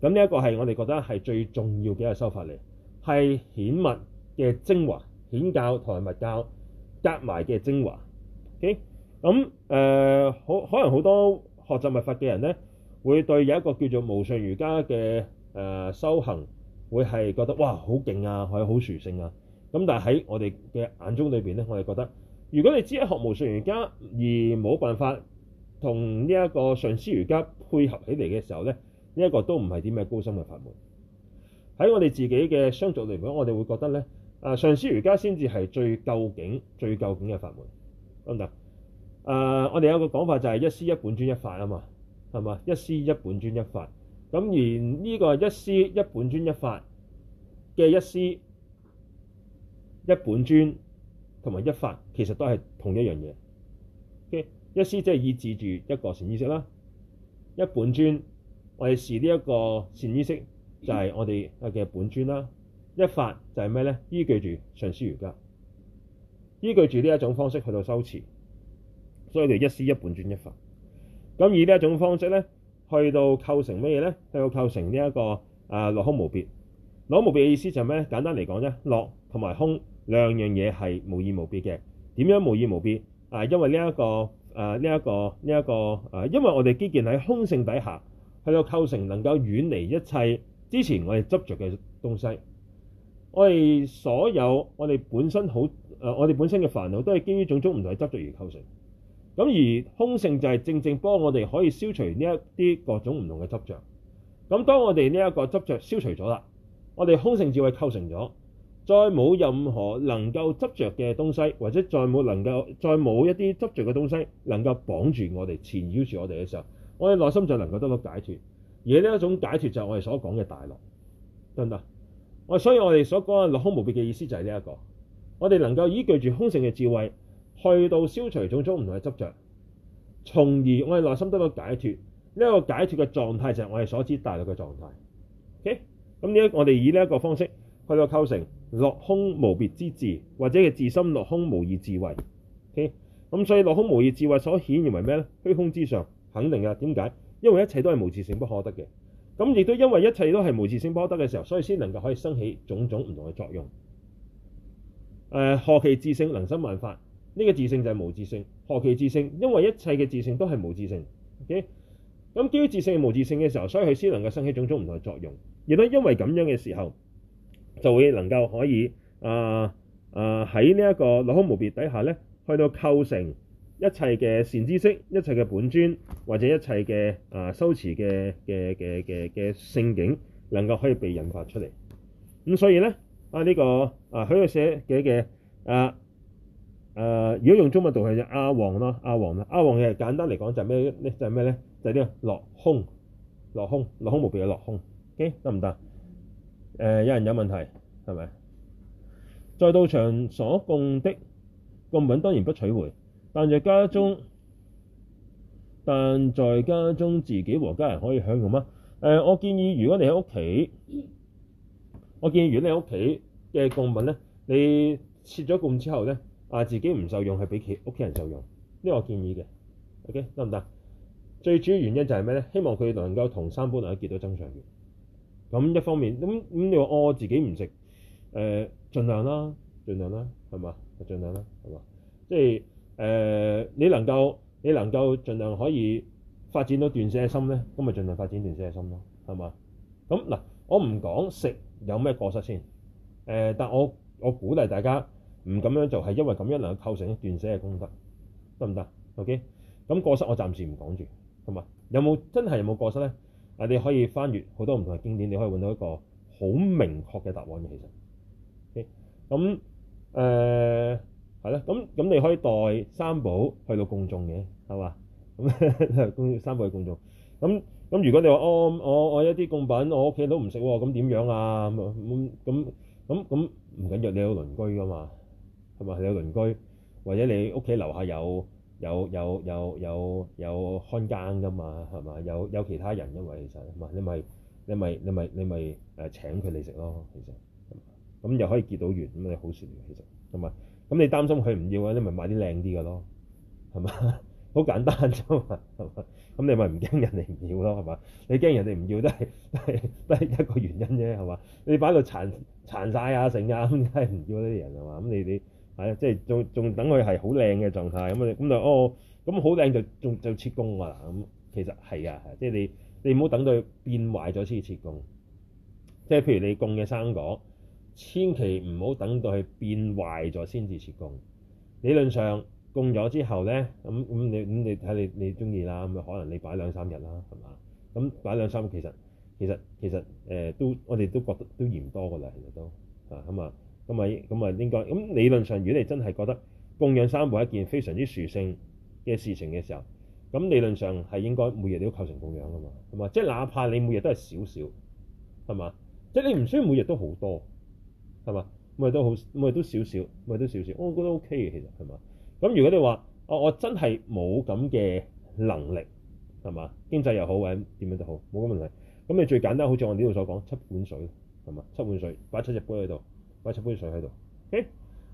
咁呢一個係我哋覺得係最重要嘅一個修法嚟，係顯密嘅精華，顯教同埋密教夾埋嘅精華。Okay? 咁誒、嗯呃，好可能好多學習密法嘅人咧，會對有一個叫做無上瑜伽嘅誒、呃、修行，會係覺得哇好勁啊，係好殊勝啊。咁但係喺我哋嘅眼中裏邊咧，我哋覺得如果你只係學無上瑜伽而冇辦法同呢一個上師瑜伽配合起嚟嘅時候咧，呢、這、一個都唔係啲咩高深嘅法門。喺我哋自己嘅相續嚟講，我哋會覺得咧誒、呃、上師瑜伽先至係最究竟、最究竟嘅法門，得唔得？誒，uh, 我哋有個講法就係一師一本尊一法啊嘛，係嘛？一師一本尊一法咁，而呢個一師一本尊一法嘅一師一本尊同埋一法其實都係同一樣嘢嘅、okay? 一師即係依止住一個善知識啦，一本尊我哋視呢一個善知識就係我哋嘅本尊啦，一法就係咩咧？依據住上師瑜伽，依據住呢一種方式去到修持。所以就一絲一半轉一法咁，以呢一種方式咧，去到構成咩嘢咧？去到構成呢、這、一個啊，樂空無別。樂空無別嘅意思就咩咧？簡單嚟講咧，樂同埋空兩樣嘢係無二無別嘅。點樣無二無別？啊，因為呢、這、一個啊，呢、這、一個呢一個啊，因為我哋基建喺空性底下，去到構成能夠遠離一切之前我哋執着嘅東西。我哋所有我哋本身好誒、啊，我哋本身嘅煩惱都係基於種種唔同嘅執着而構成。咁而空性就係正正幫我哋可以消除呢一啲各種唔同嘅執着。咁當我哋呢一個執着消除咗啦，我哋空性智慧構成咗，再冇任何能夠執着嘅東西，或者再冇能夠再冇一啲執着嘅東西能夠綁住我哋、纏繞住我哋嘅時候，我哋內心就能夠得到解脱。而呢一種解脱就係我哋所講嘅大樂，得唔得？我所以我哋所講嘅樂空無別嘅意思就係呢一個，我哋能夠依據住空性嘅智慧。去到消除種種唔同嘅執着，從而我哋內心得到解脱。呢、這、一個解脱嘅狀態就係我哋所知大樂嘅狀態。OK，咁呢一我哋以呢一個方式去到構成樂空無別之智，或者嘅自心樂空無二智慧。OK，咁所以樂空無二智慧所顯現為咩咧？虛空之上肯定嘅。點解？因為一切都係無自性不可得嘅。咁亦都因為一切都係無自性不可得嘅時候，所以先能夠可以生起種種唔同嘅作用。誒、呃，何期自性，能生萬法。呢個自性就係無自性，何其自性？因為一切嘅自性都係無自性。咁、okay? 基於自性係無自性嘅時候，所以佢先能夠生起種種唔同嘅作用。亦都因為咁樣嘅時候，就會能夠可以啊啊喺呢一個樂空無別底下咧，去到構成一切嘅善知識、一切嘅本尊或者一切嘅啊、呃、修持嘅嘅嘅嘅嘅聖境，能夠可以被引發出嚟。咁所以咧啊呢個啊許旭社嘅嘅啊。這個啊誒、呃，如果用中文讀係、就是、唉旺啦，唉旺啦，唉旺嘅簡單嚟講就係咩咧？就係咩咧？就係呢個，樂空，樂空，樂空無別就樂空。O K，得唔得？誒、呃，有人有問題係咪？在道場所供的供品當然不取回，但在家中但在家中自己和家人可以享用嗎？誒、呃，我建議如果你喺屋企，我建議如果你喺屋企嘅供品咧，你設咗供之後咧。啊！自己唔受用係俾屋企人受用，呢個我建議嘅。OK，得唔得？最主要原因就係咩咧？希望佢能夠同三寶能結到增長緣。咁一方面，咁咁你話我自己唔食，誒、呃，儘量啦，儘量啦，係嘛？誒，儘量啦，係嘛？即係誒、呃，你能夠你能夠儘量可以發展到斷捨離心咧，咁咪儘量發展斷捨離心咯，係嘛？咁嗱，我唔講食有咩過失先，誒、呃，但我我鼓勵大家。唔，咁樣就係因為咁樣能夠構成一段寫嘅功德，得唔得？OK，咁過失我暫時唔講住，係嘛？有冇真係有冇過失咧？啊，你可以翻閱好多唔同嘅經典，你可以揾到一個好明確嘅答案嘅。其實 OK，咁誒係啦，咁、呃、咁你可以代三寶去到共眾嘅，係嘛？咁 [LAUGHS] 三寶去共眾。咁咁如果你話哦，我我一啲供品我屋企都唔食喎，咁點樣啊？咁咁咁咁唔緊要，你有鄰居㗎嘛？同埋有鄰居，或者你屋企樓下有有有有有有看更㗎嘛，係嘛？有有其他人因為其實，嘛你咪你咪你咪你咪誒請佢嚟食咯，其實咁又可以結到緣，咁你好說聊其實，同埋咁你擔心佢唔要咧，你咪買啲靚啲嘅咯，係 [LAUGHS] 嘛？好簡單啫嘛，係嘛？咁你咪唔驚人哋唔要咯，係嘛？你驚人哋唔要都係都係都係一個原因啫，係嘛？你擺到殘殘曬啊，成啊咁梗係唔要呢啲人係嘛？咁你你。你係啊，即係仲仲等佢係好靚嘅狀態咁啊，咁就哦，咁好靚就仲就切供㗎啦。咁其實係啊，係即係你你唔好等到佢變壞咗先至切供。即係譬如你供嘅生果，千祈唔好等到佢變壞咗先至切供。理論上供咗之後咧，咁咁你咁你睇你你中意啦，咁可能你擺兩三日啦，係嘛？咁擺兩三日其實其實其實誒、呃、都我哋都覺得都嫌多㗎啦，其實都啊咁啊。咁咪咁咪應該咁理論上，如果你真係覺得供養三寶一件非常之殊勝嘅事情嘅時候，咁理論上係應該每日都要構成供養噶嘛係嘛？即係哪怕你每日都係少少係嘛？即係你唔需要每日都好多係嘛？每日都好，每日都少少，每日都少少，我覺得 OK 嘅其實係嘛？咁如果你話哦，我真係冇咁嘅能力係嘛？經濟又好，或者點樣都好冇咁嘅能力，咁你最簡單好似我呢度所講，七碗水係嘛？七碗水擺七隻杯喺度。擺七杯水喺度，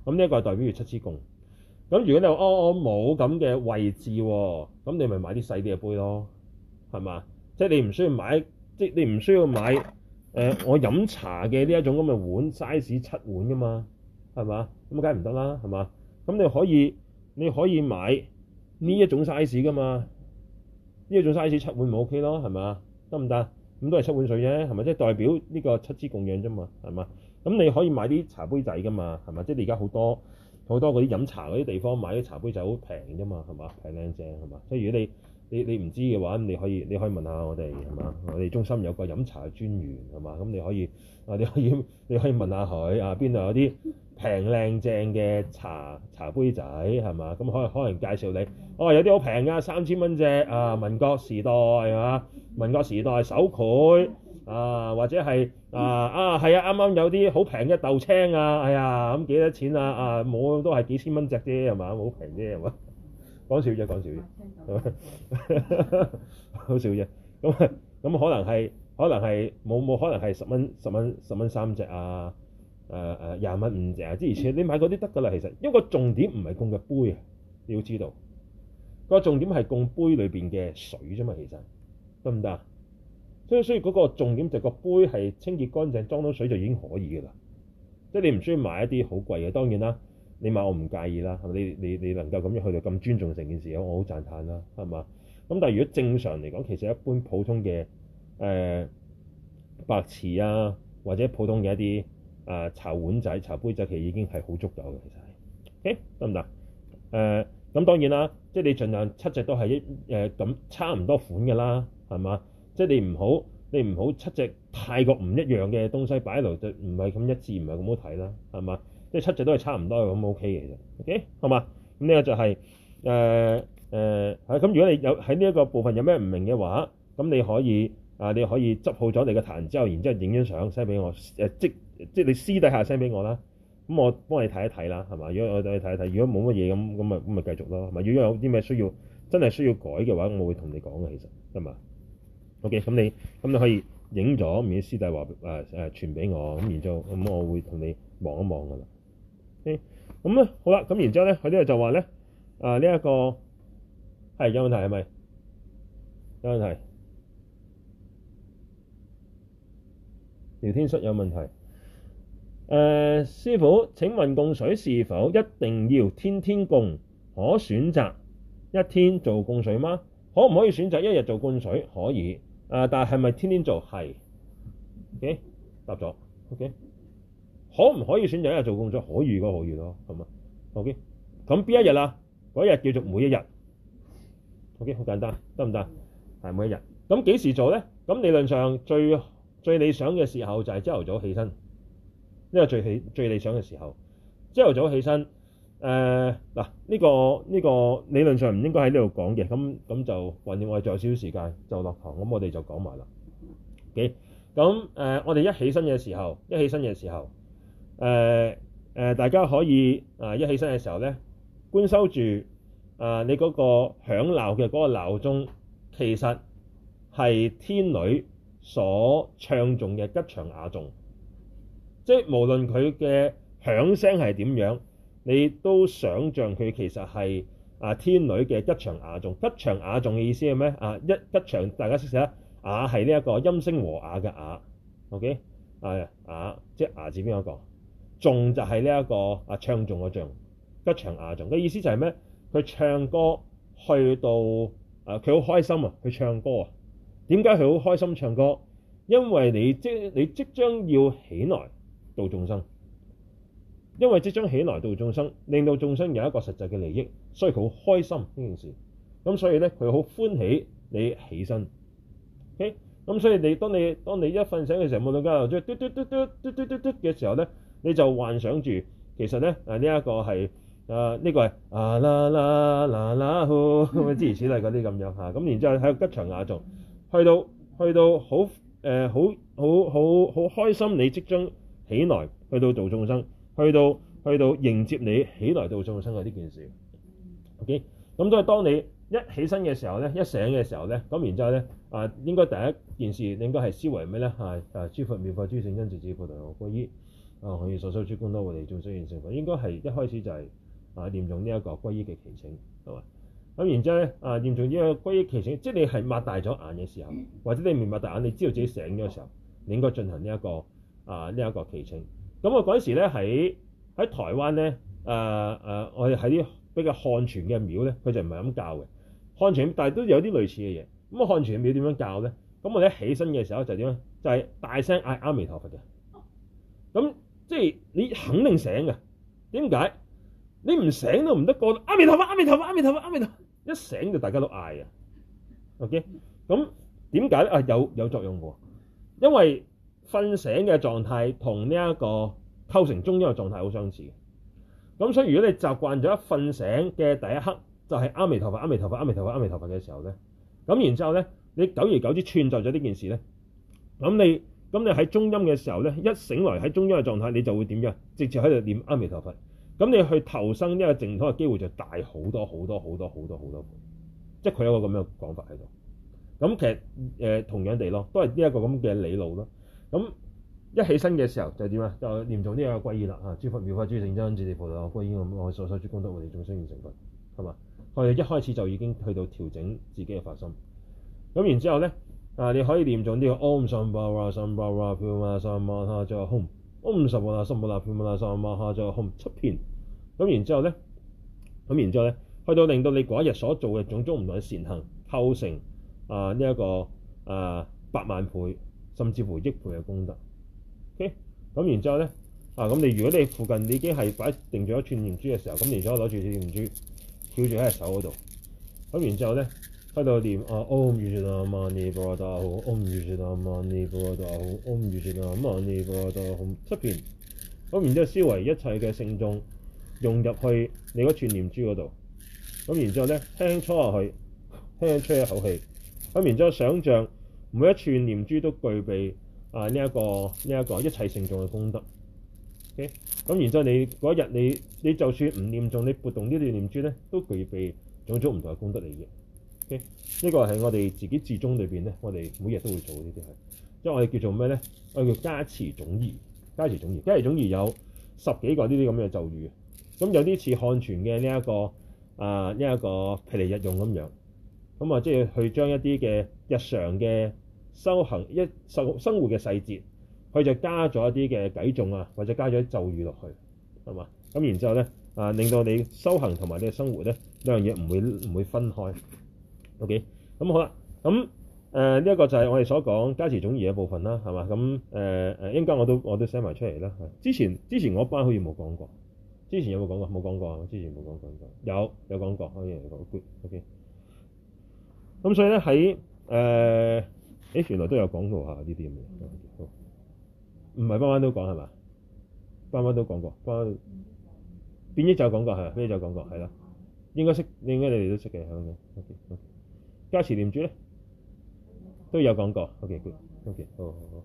咁呢一個係代表住七支供。咁如果你話哦，我冇咁嘅位置喎，咁你咪買啲細啲嘅杯咯，係嘛？即係你唔需要買，即係你唔需要買誒、呃、我飲茶嘅呢一種咁嘅碗 size 七碗噶嘛，係嘛？咁梗係唔得啦，係嘛？咁你可以你可以買呢一種 size 噶嘛，呢一種 size 七碗咪 OK 咯，係咪？得唔得？咁都係七碗水啫，係咪？即係代表呢個七支供養啫嘛，係嘛？咁你可以買啲茶杯仔噶嘛，係嘛？即係你而家好多好多嗰啲飲茶嗰啲地方買啲茶杯仔好平啫嘛，係嘛？平靚正，係嘛？即係如果你你你唔知嘅話，你可以你可以問下我哋，係嘛？我哋中心有個飲茶專員，係嘛？咁你可以啊，你可以你可以問下佢啊，邊度有啲平靚正嘅茶茶杯仔，係嘛？咁可可能介紹你哦、啊，有啲好平㗎，三千蚊隻啊，民國時代係嘛？民國時代手繪。啊，或者係啊啊，係啊！啱啱、啊、有啲好平嘅豆青啊，哎呀，咁幾多錢啊？啊，冇都係幾千蚊隻啫，係嘛？ [LAUGHS] [LAUGHS] 好平啫，係嘛？講笑啫，講笑啫，好笑啫。咁咁可能係，可能係冇冇可能係十蚊十蚊十蚊三隻啊？誒、啊、誒，廿蚊五隻啊！即而且你買嗰啲得㗎啦，其實，因為重點唔係供嘅杯，啊，你要知道個重點係供杯裏邊嘅水啫嘛，其實得唔得啊？行所以，需要嗰個重點就係個杯係清潔乾淨，裝到水就已經可以㗎啦。即係你唔需要買一啲好貴嘅，當然啦，你買我唔介意啦。你你你能夠咁樣去到咁尊重成件事，我好讚歎啦，係嘛？咁但係如果正常嚟講，其實一般普通嘅誒、呃、白瓷啊，或者普通嘅一啲誒、呃、茶碗仔、茶杯仔，其實已經係好足夠嘅，其實係。OK？誒得唔得？誒、呃、咁當然啦，即係你儘量七隻都係一誒咁差唔多款㗎啦，係嘛？即係你唔好，你唔好七隻太過唔一樣嘅東西擺喺度，就唔係咁一致，唔係咁好睇啦，係嘛？即係七隻都係差唔多，咁 OK 嘅，其實 OK 係嘛？咁呢個就係誒誒係咁。呃啊、如果你有喺呢一個部分有咩唔明嘅話，咁你可以啊，你可以執好咗你個壇之後，然之後影張相 send 俾我誒、呃，即即係你私底下 send 俾我啦。咁我幫你睇一睇啦，係嘛？如果我再睇一睇，如果冇乜嘢咁咁咪咁咪繼續咯，係咪？如果有啲咩需要真係需要改嘅話，我會同你講嘅，其實係咪？OK，咁你咁你可以影咗，唔理師弟話誒誒傳俾我，咁然之後咁我會同你望一望㗎啦。咁咧好啦，咁然之後咧佢呢度就話咧誒呢一、呃這個係、哎、有問題係咪？有問題，聊天室有問題。誒、呃、師傅請問供水是否一定要天天供？可選擇一天做供水嗎？可唔可以選擇一日做供水？可以。啊！但係係咪天天做？係，OK，答咗，OK，可唔可以選擇一日做工作？可以咯，可以咯，係嘛，OK，咁邊一日啊？嗰一日叫做每一日，OK，好簡單，得唔得？係每一日。咁幾時做咧？咁理論上最最理想嘅時候就係朝頭早起身，呢個最起最理想嘅時候，朝頭早起身。誒嗱，呢、呃這個呢、這個理論上唔應該喺呢度講嘅，咁咁就反正我哋仲有少少時間就落堂，咁我哋就講埋啦。咁、okay? 誒、呃，我哋一起身嘅時候，一起身嘅時候，誒、呃、誒、呃，大家可以啊、呃、一起身嘅時候咧，觀收住啊你嗰個響鬧嘅嗰個鬧鐘，其實係天女所唱誦嘅吉祥雅頌，即係無論佢嘅響聲係點樣。你都想象佢其實係啊天女嘅吉祥雅頌，吉祥雅頌嘅意思係咩啊？一吉祥，大家識唔識啊？雅係呢一個音聲和雅嘅雅，OK 係啊，啊，即雅字邊一個？仲就係呢一個啊唱頌嘅頌，吉祥雅頌嘅意思就係咩？佢唱歌去到啊，佢好開心啊，佢唱歌啊。點解佢好開心唱歌？因為你即你即將要起來度眾生。因為即將起來度眾生，令到眾生有一個實際嘅利益，所以佢好開心呢件事。咁所以咧，佢好歡喜你起身。OK，咁所以你當你當你一瞓醒嘅時候，冇兩間鬧鐘嘟嘟嘟嘟嘟嘟嘟嘟嘅時候咧，你就幻想住其實咧啊呢一個係啊呢個係啊啦啦啦啦咁啊，諸如此類嗰啲咁樣嚇。咁然之後喺個吉祥雅座去到去到好誒好好好好開心，你即將起來去到度眾生。去到去到迎接你起來到眾生嘅呢件事，OK？咁都係當你一起身嘅時候咧，一醒嘅時候咧，咁然之後咧啊，應該第一件事你應該係思維咩咧？係、啊、誒諸佛妙法諸聖因緣智菩提，我皈依啊，可以所受諸功德回哋眾生完成。應該係一開始就係、是、啊念誦呢一個皈依嘅祈請，係嘛？咁然之後咧啊念誦呢個皈依祈請，即係你係擘大咗眼嘅時候，或者你唔擘大眼，你知道自己醒咗嘅時候，你應該進行呢、這、一個、呃、啊呢一、啊啊啊啊啊啊啊這個祈請。咁我嗰陣時咧喺喺台灣咧，誒、呃、誒、呃，我哋喺啲比較漢傳嘅廟咧，佢就唔係咁教嘅。漢傳，但係都有啲類似嘅嘢。咁啊，漢傳廟點樣教咧？咁我哋一起身嘅時候就點咧？就係、是、大聲嗌阿彌陀佛嘅。咁即係你肯定醒嘅。點解？你唔醒都唔得過。阿彌陀佛，阿彌陀佛，阿彌陀佛，阿彌陀佛，阿彌陀佛。一醒就大家都嗌啊。OK。咁點解咧？啊，有有，有作用嘅喎。因為瞓醒嘅狀態同呢一個構成中陰嘅狀態好相似咁所以如果你習慣咗一瞓醒嘅第一刻就係阿彌陀佛、阿彌陀佛、阿彌陀佛、阿彌陀佛嘅時候咧，咁然之後咧你久而久之串就咗呢件事咧，咁你咁你喺中陰嘅時候咧一醒來喺中陰嘅狀態你就會點樣直接喺度念阿彌陀佛。咁你去投生呢個淨土嘅機會就大好多好多好多好多好多好多好多好多即係佢有個咁嘅講法喺度，咁其實誒、呃、同樣地咯，都係呢一個咁嘅理路咯。咁一起身嘅時候就點啊？就念做呢個皈依啦嚇！諸佛妙法眾中尊，直至菩提我皈依，我所修諸功德，我哋仲未完成佛，係嘛？佢哋一開始就已經去到調整自己嘅發心。咁然之後咧，啊你可以念做、這個、 [MUSIC] 呢個 om s h sun h p ma s u ma，home h s ma home 七遍。咁然之後咧，咁然之後咧，去到令到你一日所做嘅種種唔同善行構成啊呢一個啊、呃、八萬倍。甚至乎億倍嘅功德。咁、okay? 然之後咧，啊咁你如果你附近你已經係擺定咗一串念珠嘅時候，咁你就可以攞住啲念珠，攪住喺手嗰度。咁然之後咧，喺度唸啊 Om Ruchira Mani Pravartaya Hum，Om Ruchira Mani Pravartaya Hum，Om Ruchira Mani Pravartaya Hum，出片。咁然之後，思維一切嘅聖眾融入去你嗰串念珠嗰度。咁然之後咧，輕輕搓落去，輕輕吹一口氣。咁然之後，想象。每一串念珠都具備啊呢一、這個呢一、這個、這個這個、一切聖眾嘅功德。咁、okay? 嗯、然之後你嗰日你你就算唔念重，你撥動呢段念珠咧，都具備種種唔同嘅功德嚟嘅。呢、okay? 個係我哋自己自宗裏邊咧，我哋每日都會做呢啲係，因為我哋叫做咩咧？我叫加持總儀，加持總儀，加持總儀有十幾個呢啲咁樣嘅咒語。咁、嗯、有啲似漢傳嘅呢一個啊呢一、這個毗尼日用咁樣。咁、嗯、啊即係去將一啲嘅日常嘅修行一受生活嘅細節，佢就加咗一啲嘅偈頌啊，或者加咗咒語落去，係嘛？咁然之後咧啊，令到你修行同埋你嘅生活咧，呢兩樣嘢唔會唔會分開。O K. 咁好啦，咁誒呢一個就係我哋所講加持總義一部分啦，係嘛？咁誒誒應該我都我都寫埋出嚟啦。之前之前我班好似冇講過，之前有冇講過？冇講過啊？我之前冇講過，有有講過可以講 good O K. 咁所以咧喺誒。呃誒原來都有講過下呢啲咁嘅，唔係班班都講係嘛？班班都講過，班變異就講過係，變異就講過係啦。應該識，應該你哋都識嘅，係咪，okay？加持念珠咧，都有講過。O.K.，O.K.，好好好。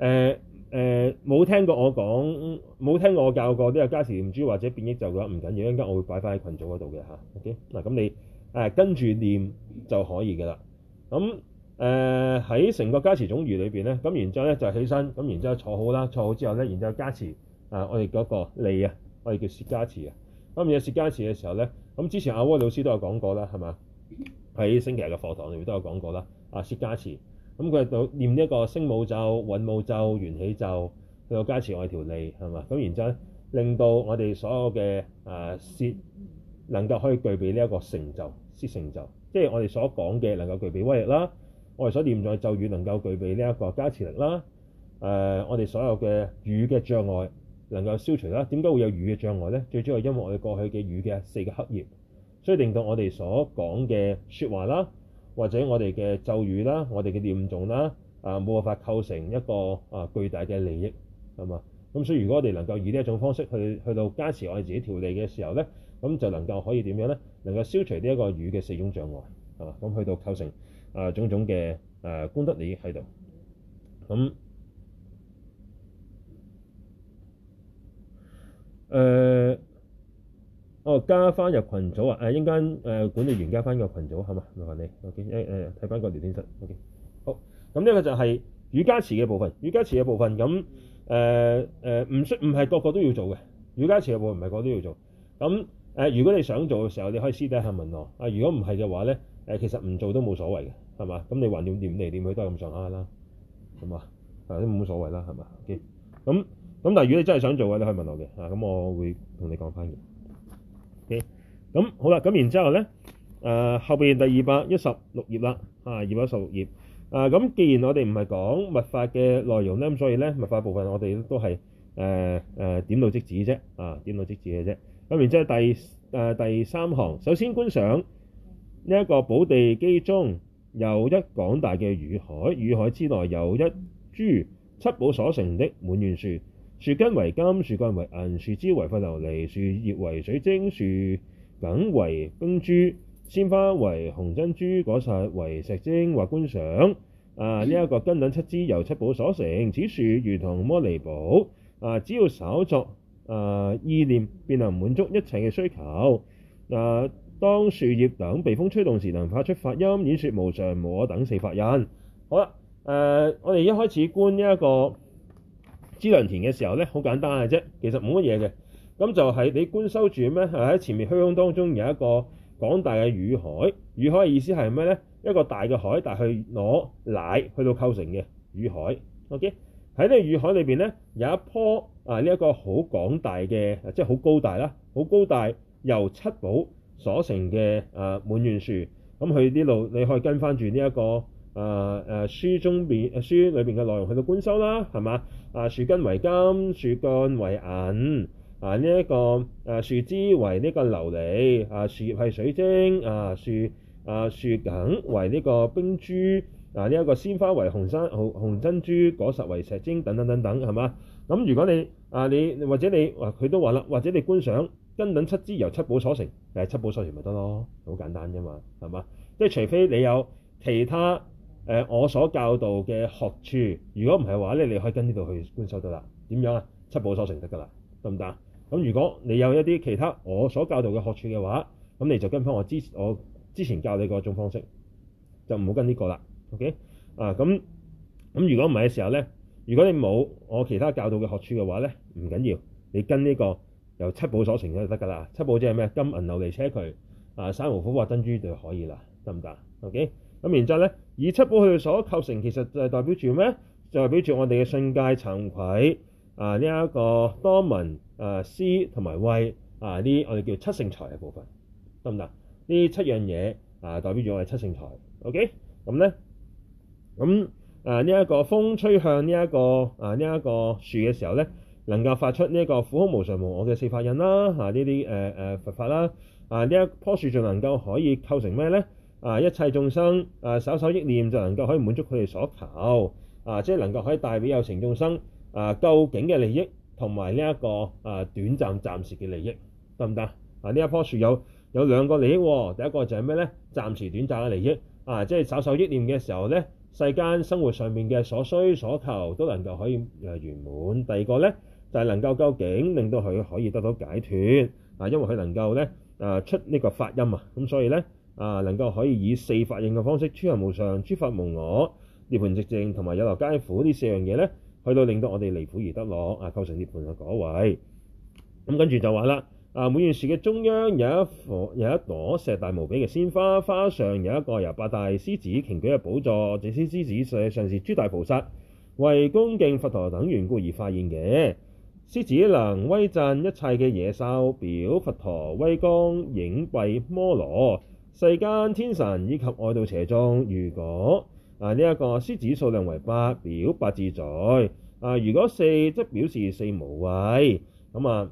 誒誒，冇、呃呃、聽過我講，冇聽過我教過啲啊加持念珠或者變異就嘅話唔緊要，一陣間我會擺翻喺群組嗰度嘅嚇。O.K.，啊咁你誒、呃、跟住念就可以㗎啦。咁、嗯。誒喺成個加持總語裏邊咧，咁然之後咧就起身，咁然之後坐好啦。坐好之後咧，然之後加持啊，我哋嗰個脷啊，我哋叫舌加持啊。咁然而舌加持嘅時候咧，咁之前阿沃老師都有講過啦，係嘛？喺星期日嘅課堂裏面都有講過啦。啊，舌加持，咁、啊、佢就念呢一個聲母咒、韻母咒、緣起咒，佢有加持我哋條脷係嘛？咁然之後令到我哋所有嘅啊舌能夠可以具備呢一個成就，舌成就，即係我哋所講嘅能夠具備威力啦。我哋所念在咒語能夠具備呢一個加持力啦，誒、呃，我哋所有嘅語嘅障礙能夠消除啦。點解會有語嘅障礙咧？最主要係因為我哋過去嘅語嘅四個黑業，所以令到我哋所講嘅説話啦，或者我哋嘅咒語啦，我哋嘅念誦啦，啊、呃，冇辦法構成一個啊巨大嘅利益，係嘛？咁所以如果我哋能夠以呢一種方式去去到加持我哋自己條脷嘅時候咧，咁就能夠可以點樣咧？能夠消除呢一個語嘅四種障礙，係嘛？咁去到構成。啊，種種嘅誒、呃、功德理喺度，咁誒哦，加翻入群組啊！誒應間誒管理員加翻個群組係嘛？麻煩你，誒誒睇翻個聊天室。OK，好。咁、嗯、呢、這個就係語加持嘅部分，語加持嘅部分。咁誒誒，唔需唔係個個都要做嘅，語加持嘅部分唔係個個都要做。咁、嗯、誒、呃，如果你想做嘅時候，你可以私底下問我。啊，如果唔係嘅話咧，誒、呃、其實唔做都冇所謂嘅。係嘛？咁你橫掂掂嚟掂去都係咁上下啦，咁啊，誒都冇乜所謂啦，係咪？O K，咁咁但係如果你真係想做嘅，你可以問我嘅、okay? 呃，啊咁我會同你講翻嘅。O K，咁好啦，咁然之後咧，誒後邊第二百一十六頁啦，啊二百一十六頁，啊咁既然我哋唔係講密法嘅內容咧，咁所以咧密法部分我哋都係誒誒點到即止啫，啊點到即止嘅啫。咁然之後第誒、呃、第三行，首先觀賞呢一個寶地基中。有一廣大嘅乳海，乳海之內有一株七寶所成的滿願樹，樹根為金，樹幹為，為銀，樹枝為吠琉璃，樹葉為水晶，樹梗為冰珠，鮮花為紅珍珠，果實為石精，或觀賞。啊，呢一個根等七支由七寶所成，此樹如同摩尼寶。啊，只要稍作啊意念，便能滿足一切嘅需求。嗱、啊。當樹葉等被風吹動時，能發出法音演說無常、無我等四法印。好啦，誒、呃，我哋一開始觀呢一個資糧田嘅時候咧，好簡單嘅啫。其實冇乜嘢嘅，咁就係你觀修住咩？喺前面虛空當中有一個廣大嘅乳海。乳海嘅意思係咩咧？一個大嘅海，但係攞奶去到構成嘅乳海。OK，喺呢乳海裏邊咧，有一棵啊呢一個好廣大嘅，即係好高大啦，好高大由七寶。所成嘅誒、啊、滿願樹，咁、嗯、去啲路你可以跟翻住呢一個誒誒、啊啊、書中邊書裏邊嘅內容去到觀修啦，係嘛？啊樹根為金，樹幹為銀，啊呢一、這個誒、啊、樹枝為呢個琉璃，啊樹葉係水晶，啊樹啊樹梗為呢個冰珠，啊呢一、這個鮮花為紅山紅紅珍珠，果實為石精等等等等係嘛？咁如果你啊你或者你佢、啊、都話啦，或者你觀賞。根等七支由七寶所成，誒七寶所成咪得咯，好簡單啫嘛，係嘛？即係除非你有其他誒、呃、我所教導嘅學處，如果唔係話咧，你可以跟呢度去觀修得啦。點樣啊？七寶所成得噶啦，得唔得啊？咁如果你有一啲其他我所教導嘅學處嘅話，咁你就跟翻我之我之前教你嗰種方式，就唔好跟呢個啦。OK 啊？咁咁如果唔係嘅時候咧，如果你冇我其他教導嘅學處嘅話咧，唔緊要，你跟呢個。由七寶所成嘅就得㗎喇，七寶即係咩？金銀琉璃車磲啊，珊瑚琥珀珍珠就可以啦，得唔得？OK，咁然之後咧，以七寶去所構成，其實就係代表住咩？就係、是、代表住我哋嘅信戒、慚愧啊呢一、呢個多聞、啊思同埋慧，啊呢，我哋叫七聖財嘅部分，得唔得？呢七樣嘢啊代表住我哋七聖財。OK，咁咧，咁、嗯、啊呢一、呢個風吹向呢、這、一個啊呢一、呢個樹嘅時候咧。能夠發出呢、這、一個苦空無常無我嘅四法印啦，啊呢啲誒誒佛法啦，啊呢一棵樹仲能夠可以構成咩咧？啊一切眾生啊稍稍憶念就能夠可以滿足佢哋所求，啊即係能夠可以帶俾有情眾生啊究竟嘅利益同埋呢一個啊短暫暫時嘅利益得唔得？啊呢一棵樹有有兩個利益喎，啊，第一個就係咩咧？暫時短暫嘅利益，啊即係稍稍憶念嘅時候咧，世間生活上面嘅所需所求都能夠可以誒圓滿。第二個咧。呢但係能夠究竟令到佢可以得到解脫啊！因為佢能夠咧啊出呢個法音啊，咁所以咧啊能夠可以以四法印嘅方式，諸行無常、諸法無我、涅槃寂靜同埋有漏皆苦呢四樣嘢咧，去到令到我哋離苦而得樂啊！構成涅槃嘅果位咁，啊、跟住就話啦啊，滿願樹嘅中央有一顆有一朵碩大無比嘅鮮花，花上有一個由八大獅子擎舉嘅寶座，這些獅子實際上是諸大菩薩為恭敬佛陀等緣故而化現嘅。獅子能威鎮一切嘅野獸，表佛陀威光，映蔽魔羅，世間天神以及外道邪眾，如果啊呢一個獅子數量為八，表八自在。啊，如果四即表示四無畏。咁啊，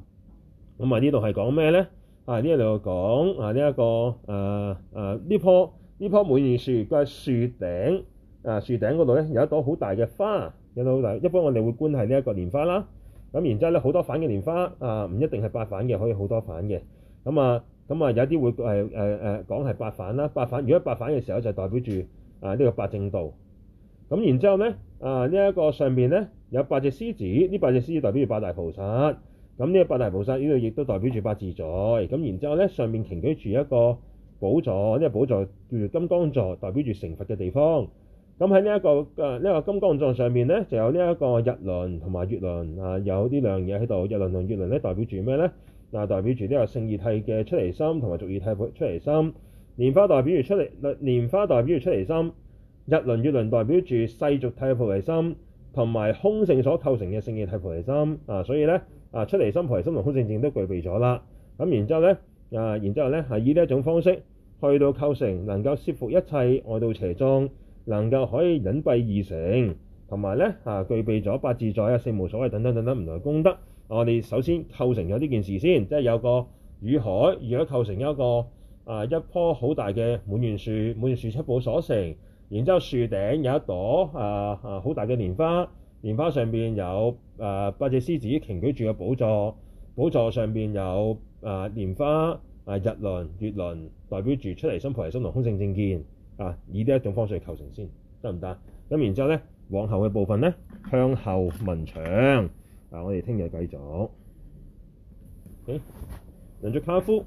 咁啊呢度係講咩咧？啊呢度講啊呢一個誒誒呢棵呢棵滿願樹，都係樹頂啊樹頂嗰度咧有一朵好大嘅花，有好大。一般我哋會觀係呢一個蓮花啦。咁然之後咧，好多反嘅蓮花啊，唔一定係八反嘅，可以好多反嘅。咁啊，咁啊，有啲會誒誒誒講係八反啦。八反如果八反嘅時候，就是、代表住啊呢、這個八正道。咁然之後咧，啊呢一、這個上面咧有八隻獅子，呢八隻獅子代表住八大菩薩。咁、這、呢個八大菩薩呢度亦都代表住八自在。咁然之後咧，上面擎舉住一個寶座，呢、這個寶座叫做金剛座，代表住成佛嘅地方。咁喺呢一個誒呢個金剛藏上面咧，就有呢一個日輪同埋月輪啊，有呢兩樣嘢喺度。日輪同月輪咧代表住咩咧？嗱，代表住呢、啊、表個勝義諦嘅出離心同埋俗義諦出離心。蓮花代表住出離，蓮花代表住出離心。日輪月輪代表住世俗諦菩提心同埋空性所構成嘅勝義諦菩提心啊，所以咧啊，出離心菩提心同空性正都具備咗啦。咁然之後咧啊，然之後咧係、啊啊、以呢一種方式去到構成，能夠攝服一切外道邪眾。能夠可以隱蔽而成，同埋咧啊，具備咗八自在啊、四無所畏等等等等唔同嘅功德。啊、我哋首先構成咗呢件事先，即係有個乳海，如果構成一個啊一棵好大嘅滿願樹，滿願樹七寶所成，然之後樹頂有一朵啊啊好大嘅蓮花，蓮花上邊有啊八隻獅子擎舉住嘅寶座，寶座上邊有啊蓮花啊日輪月輪，代表住出離心菩提心同空性正見。啊！以呢一種方式去構成先得唔得？咁然之後咧，往後嘅部分呢，向後問長、啊。我哋聽日繼續。誒、嗯，兩張卡夫。